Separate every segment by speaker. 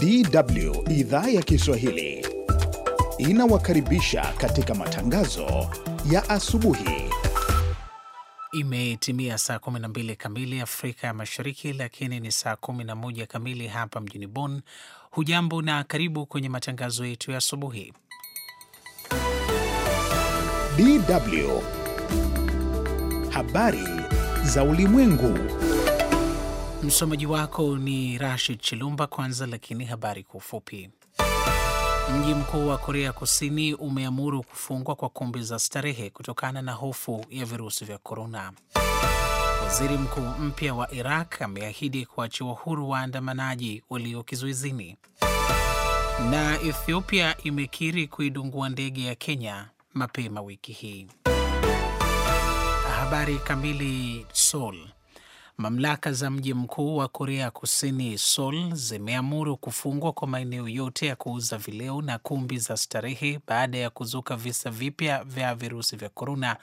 Speaker 1: DW idhaa ya Kiswahili inawakaribisha katika matangazo ya asubuhi. Imetimia saa 12 kamili Afrika ya Mashariki, lakini ni saa 11 kamili hapa mjini Bonn. Hujambo na karibu kwenye matangazo yetu ya asubuhi. DW habari za ulimwengu Msomaji wako ni Rashid Chilumba. Kwanza lakini habari kwa ufupi. Mji mkuu wa Korea Kusini umeamuru kufungwa kwa kumbi za starehe kutokana na hofu ya virusi vya korona. Waziri mkuu mpya wa Iraq ameahidi kuachiwa huru waandamanaji walio kizuizini. Na Ethiopia imekiri kuidungua ndege ya Kenya mapema wiki hii. Habari kamili. Seoul, Mamlaka za mji mkuu wa Korea Kusini, Seoul, zimeamuru kufungwa kwa maeneo yote ya kuuza vileo na kumbi za starehe baada ya kuzuka visa vipya vya virusi vya korona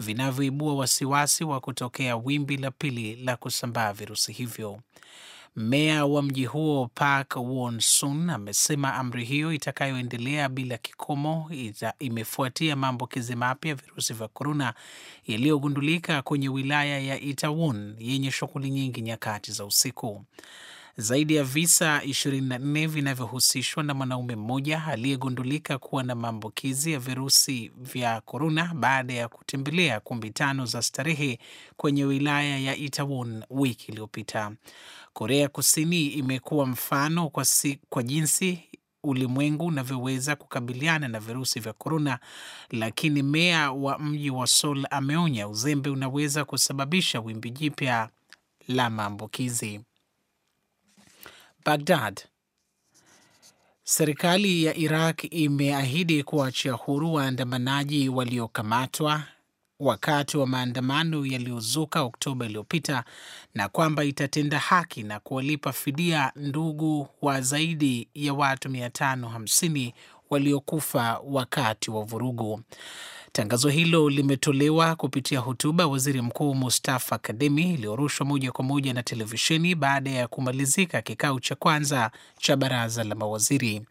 Speaker 1: vinavyoibua wasiwasi wa kutokea wimbi la pili la kusambaa virusi hivyo. Meya wa mji huo Park Won-sun amesema amri hiyo itakayoendelea bila kikomo ita imefuatia maambukizi mapya virusi vya korona yaliyogundulika kwenye wilaya ya Itawon yenye shughuli nyingi nyakati za usiku zaidi ya visa 24 vinavyohusishwa na mwanaume mmoja aliyegundulika kuwa na maambukizi ya virusi vya korona baada ya kutembelea kumbi tano za starehe kwenye wilaya ya Itaewon wiki iliyopita. Korea Kusini imekuwa mfano kwa, si, kwa jinsi ulimwengu unavyoweza kukabiliana na virusi vya korona, lakini meya wa mji wa Seoul ameonya uzembe unaweza kusababisha wimbi jipya la maambukizi. Baghdad. Serikali ya Iraq imeahidi kuachia huru waandamanaji waliokamatwa wakati wa maandamano yaliyozuka Oktoba iliyopita na kwamba itatenda haki na kuwalipa fidia ndugu wa zaidi ya watu 550 waliokufa wakati wa vurugu. Tangazo hilo limetolewa kupitia hotuba waziri mkuu Mustafa Kademi iliyorushwa moja kwa moja na televisheni baada ya kumalizika kikao cha kwanza cha baraza la mawaziri.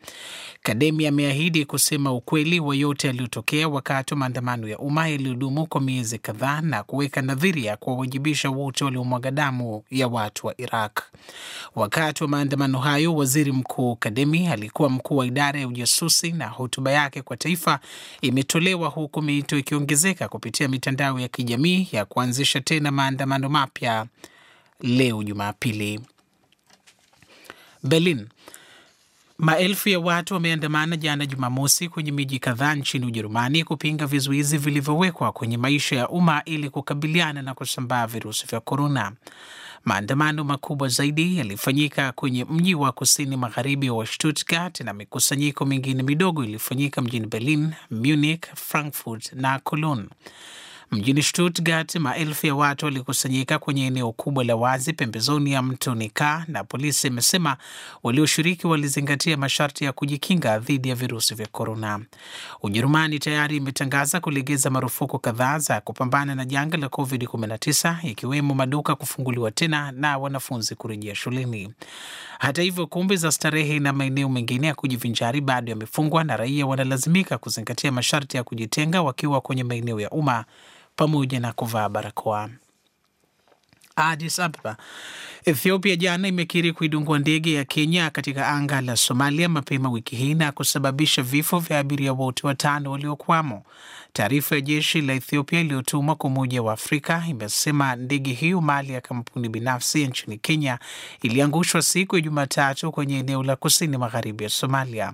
Speaker 1: Kademi ameahidi kusema ukweli wa yote yaliyotokea wakati wa maandamano ya umma yaliyodumu kwa miezi kadhaa na kuweka nadhiri ya kuwawajibisha wote waliomwaga damu ya watu wa Iraq. Wakati wa maandamano hayo, waziri mkuu Kademi alikuwa mkuu wa idara ya ujasusi na hotuba yake kwa taifa imetolewa huku mito ikiongezeka kupitia mitandao ya kijamii ya kuanzisha tena maandamano mapya leo Jumapili. Berlin. Maelfu ya watu wameandamana jana Jumamosi kwenye miji kadhaa nchini Ujerumani kupinga vizuizi vilivyowekwa kwenye maisha ya umma ili kukabiliana na kusambaa virusi vya korona. Maandamano makubwa zaidi yalifanyika kwenye mji wa kusini magharibi wa Stuttgart na mikusanyiko mingine midogo ilifanyika mjini Berlin, Munich, Frankfurt na Cologne. Mjini Stuttgart, maelfu ya watu walikusanyika kwenye eneo kubwa la wazi pembezoni ya mto Nika, na polisi imesema walioshiriki walizingatia masharti ya kujikinga dhidi ya virusi vya korona. Ujerumani tayari imetangaza kulegeza marufuku kadhaa za kupambana na janga la COVID-19 ikiwemo maduka kufunguliwa tena na wanafunzi kurejea shuleni. Hata hivyo, kumbi za starehe na maeneo mengine ya kujivinjari bado yamefungwa na raia wanalazimika kuzingatia masharti ya kujitenga wakiwa kwenye maeneo ya umma pamoja na kuvaa barakoa. Addis Ababa, Ethiopia jana imekiri kuidungua ndege ya Kenya katika anga la Somalia mapema wiki hii na kusababisha vifo vya abiria wote watano waliokwamo. Taarifa ya jeshi la Ethiopia iliyotumwa kwa Umoja wa Afrika imesema ndege hiyo mali ya kampuni binafsi nchini Kenya iliangushwa siku ya Jumatatu kwenye eneo la kusini magharibi ya Somalia.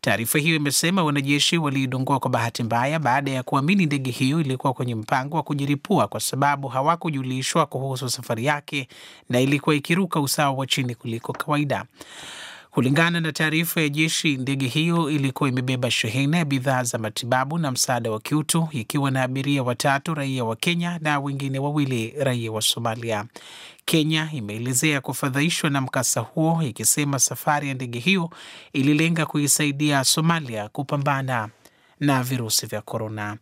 Speaker 1: Taarifa hiyo imesema wanajeshi waliidungua kwa bahati mbaya baada ya kuamini ndege hiyo ilikuwa kwenye mpango wa kujiripua kwa sababu hawakujulishwa kuhusu safari yake na ilikuwa ikiruka usawa wa chini kuliko kawaida. Kulingana na taarifa ya jeshi, ndege hiyo ilikuwa imebeba shehena ya bidhaa za matibabu na msaada wa kiutu, ikiwa na abiria watatu raia wa Kenya na wengine wawili raia wa Somalia. Kenya imeelezea kufadhaishwa na mkasa huo, ikisema safari ya ndege hiyo ililenga kuisaidia Somalia kupambana na virusi vya korona.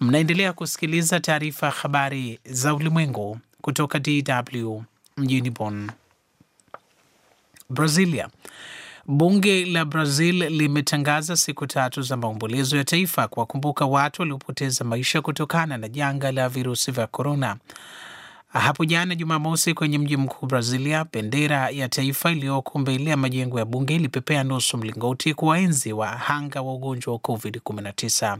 Speaker 1: Mnaendelea kusikiliza taarifa ya habari za ulimwengu kutoka DW mjini Bonn. Brazilia Bunge la Brazil limetangaza siku tatu za maombolezo ya taifa kuwakumbuka watu waliopoteza maisha kutokana na janga la virusi vya korona. Hapo jana Jumamosi, kwenye mji mkuu Brazilia, bendera ya taifa iliyoko mbele ya majengo ya bunge ilipepea nusu mlingoti kuwaenzi wahanga wa ugonjwa wa COVID-19.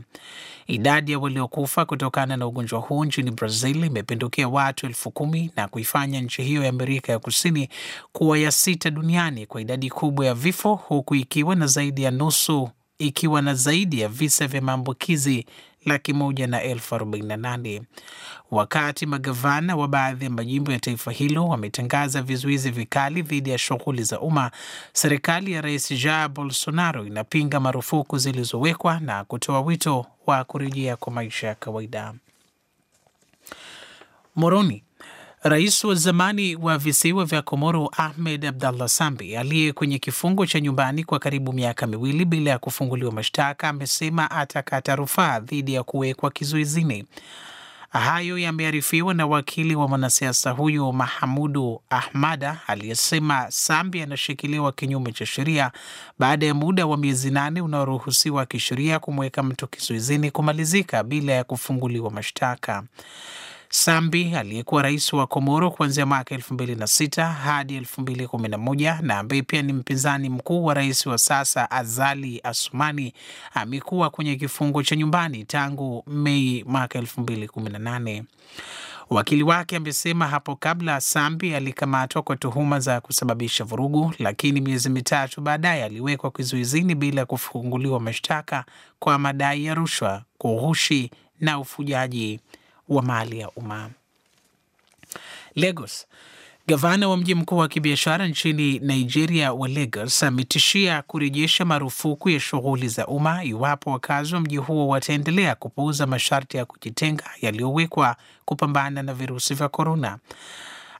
Speaker 1: Idadi ya waliokufa kutokana na ugonjwa huu nchini Brazil imepindukia watu elfu kumi na kuifanya nchi hiyo ya Amerika ya Kusini kuwa ya sita duniani kwa idadi kubwa ya vifo, huku ikiwa na zaidi ya nusu ikiwa na zaidi ya visa vya maambukizi laki moja na elfu arobaini na nane wakati magavana wa baadhi ya majimbo ya taifa hilo wametangaza vizuizi vikali dhidi ya shughuli za umma. Serikali ya Rais Jair Bolsonaro inapinga marufuku zilizowekwa na kutoa wito wa kurejea kwa maisha ya kawaida. Moroni Rais wa zamani wa visiwa vya Komoro Ahmed Abdallah Sambi aliye kwenye kifungo cha nyumbani kwa karibu miaka miwili bila ya kufunguliwa mashtaka amesema atakata rufaa dhidi ya kuwekwa kizuizini. Hayo yamearifiwa na wakili wa mwanasiasa huyo Mahamudu Ahmada aliyesema Sambi anashikiliwa kinyume cha sheria baada ya muda wa miezi nane unaoruhusiwa kisheria kumweka mtu kizuizini kumalizika bila ya kufunguliwa mashtaka. Sambi aliyekuwa rais wa Komoro kuanzia mwaka sita hadi kumi na ambaye pia ni mpinzani mkuu wa rais wa sasa Azali Asumani amekuwa kwenye kifungo cha nyumbani tangu Mei mwaka nane. Wakili wake amesema hapo kabla Sambi alikamatwa kwa tuhuma za kusababisha vurugu, lakini miezi mitatu baadaye aliwekwa kizuizini bila kufunguliwa mashtaka kwa madai ya rushwa, kughushi na ufujaji wa mali ya umma. Lagos. Gavana wa mji mkuu wa kibiashara nchini Nigeria wa Lagos ametishia kurejesha marufuku ya shughuli za umma iwapo wakazi wa mji huo wataendelea kupuuza masharti ya kujitenga yaliyowekwa kupambana na virusi vya korona.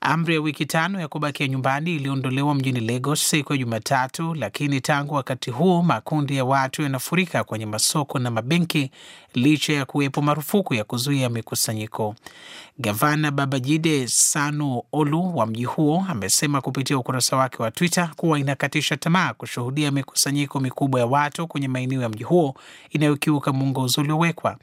Speaker 1: Amri ya wiki tano ya kubakia nyumbani iliondolewa mjini Lagos siku ya Jumatatu, lakini tangu wakati huo makundi ya watu yanafurika kwenye masoko na mabenki licha ya kuwepo marufuku ya kuzuia mikusanyiko. Gavana Babajide Sanu-Olu wa mji huo amesema kupitia ukurasa wake wa Twitter kuwa inakatisha tamaa kushuhudia mikusanyiko mikubwa ya watu kwenye maeneo ya mji huo inayokiuka mwongozo uliowekwa.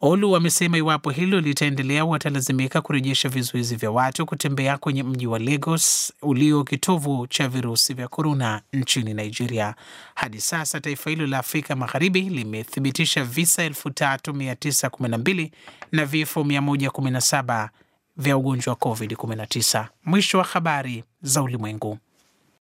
Speaker 1: Olu wamesema iwapo hilo litaendelea, watalazimika kurejesha vizuizi vya watu kutembea kwenye mji wa Lagos ulio kitovu cha virusi vya korona nchini Nigeria. Hadi sasa taifa hilo la Afrika Magharibi limethibitisha visa 3912 na vifo 117 vya ugonjwa wa COVID-19. Mwisho wa habari za ulimwengu.